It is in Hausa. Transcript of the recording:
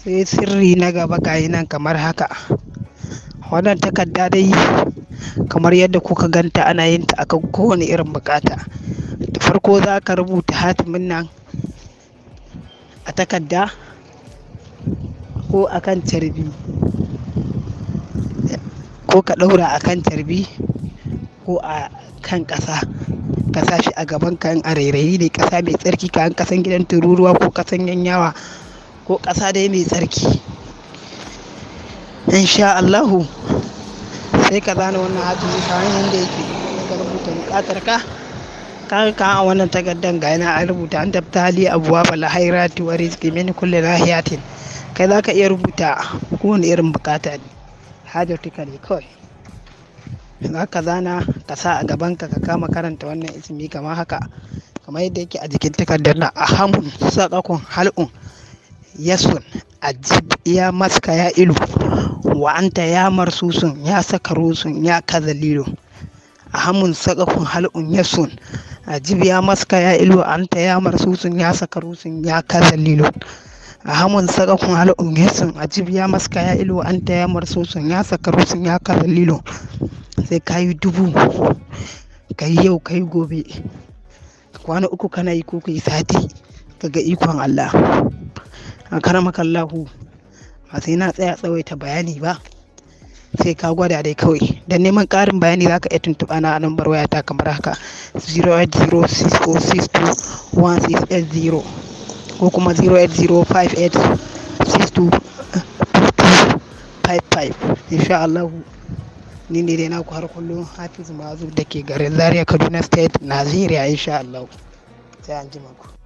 sai sirri na gaba gayi nan kamar haka wannan takarda dai kamar yadda kuka ganta ana yin ta akan kowane irin bukata da farko za ka rubuta hatimin nan a takarda ko a kan carbi ko ka ɗaura kan carbi ko a kan ƙasa ka shi a gaban ka in a rairayi ne ƙasa mai tsarki ka an ƙasan gidan tururuwa ko ƙasan yanyawa ko ƙasa dai mai tsarki sha Allahu sai ka zana wannan hatu ta hanyar da yake ka rubuta buƙatar ka kaga ka a wannan takardar ga yana an rubuta an tafta hali abuwa bala hairati wa rizqi min kulli nahiyatin kai za ka iya rubuta kowane irin bukata ne tuka ne kawai za ka zana ka sa a gaban ka ka kama karanta wannan ismi kamar haka kamar yadda yake a jikin takardar na ahamun sakakon hal'un yasun ajib ya maska ya ilu wa anta ya marsusun ya saka rusun ya a hamun sakakun hal'un yasun ajib ya maska ya ilu anta ya marsusun ya saka rusun ya a hamun sakakun hal'un yasun ajib ya maska ya ilu anta ya marsusun ya saka rusun ya lilo, sai kayi dubu yi yau kayi gobe kwana uku kana yi ko kai sati ka ga ikon Allah a lahu ba sai na tsaya tsawaita bayani ba sai ka gwada dai kawai da neman karin bayani za ka iya tuntuɓa na lambar ta kamar haka 08064621680 ko kuma 08058622255 insha Allah ni ne dai naku har kullum Hafiz Mazu da ke garin Zaria Kaduna State nigeria insha Allah sai an ji maku